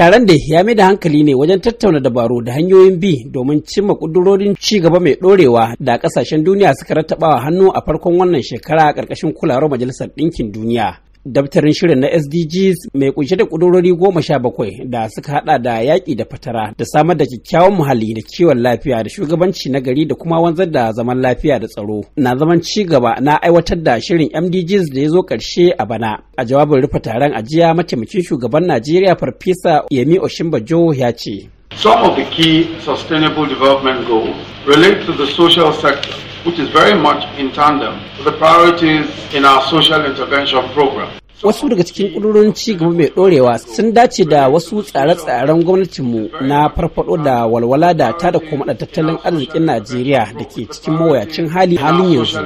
taron da ya mai da hankali ne wajen tattauna dabaru da hanyoyin bi domin cimma kudurorin ci gaba mai dorewa da kasashen duniya suka rattaba hannu a farkon wannan shekara a ƙarƙashin kularo majalisar ɗinkin duniya Daftarin shirin na SDGs mai kunshe da kudurori goma sha bakwai da suka hada da yaƙi da fatara da samar da kyakkyawan muhalli da kiwon lafiya da shugabanci na gari da kuma wanzar da zaman lafiya da tsaro na zaman ci gaba na aiwatar da shirin MDGs da ya zo ƙarshe a bana. A jawabin rufe taron ajiya mataimakin shugaban Najeriya Farfesa Yemi Oshimbajo ya ce. Some of the key sustainable development goals relate to the social sector which is very much in tandem with the priorities in our social intervention program. Wasu daga cikin ƙudurorin ci gaba mai ɗorewa sun dace da wasu tsare-tsaren gwamnatinmu na farfaɗo da walwala da ta da kuma da tattalin arzikin Najeriya da ke cikin mawuyacin hali halin yanzu.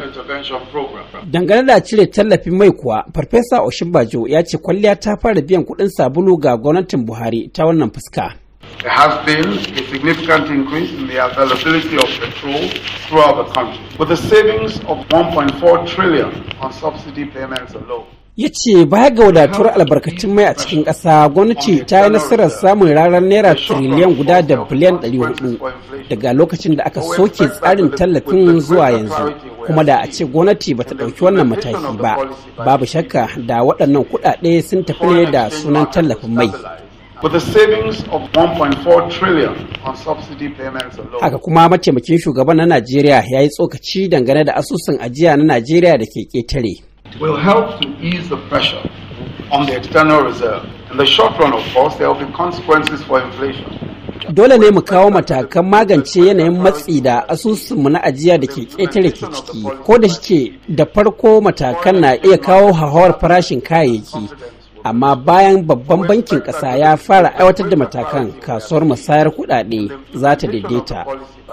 Dangane da cire tallafin mai kuwa, Farfesa Bajo ya ce kwalliya ta fara biyan kuɗin sabulu ga gwamnatin Buhari ta wannan fuska. There has been a significant increase in the availability of petrol throughout the country, with the savings of 1.4 trillion on subsidy payments alone. ya ce baya ga wadatuwar albarkatun mai a cikin ƙasa gwamnati ta yi nasarar samun ranar naira tiriliyan guda da biliyan 400 daga lokacin da aka soke tsarin tallafin zuwa yanzu kuma da a ce gwamnati ba ta ɗauki wannan mataki ba babu shakka da waɗannan kuɗaɗe sun tafi ne da sunan tallafin mai with a savings of 1.4 trillion on subsidy payments alone. Haka kuma mataimakin shugaban na Najeriya ya yi tsokaci dangane da asusun ajiya na Najeriya da ke ketare. will help to ease the pressure on the external reserve. In the short run, of course, there will be consequences for inflation. Dole ne mu kawo matakan magance yanayin matsi da asusunmu na ajiya da ke ƙetare ke ciki, ko da shi ce da farko matakan na iya kawo hauhawar farashin kayayyaki, amma bayan babban bankin ƙasa ya fara aiwatar da matakan kasuwar musayar kuɗaɗe za ta daidaita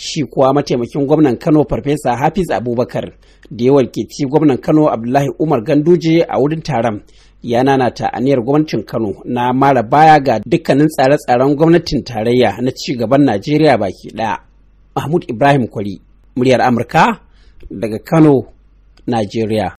shi kuwa mataimakin gwamnan kano farfesa hafiz abubakar da yawan ci gwamnan kano abdullahi umar ganduje a wurin taron ya nanata aniyar gwamnatin kano na mara baya ga dukkanin tsare-tsaren gwamnatin tarayya na ci gaban najeriya baki daya mahmud ibrahim kwari muryar amurka daga kano najeriya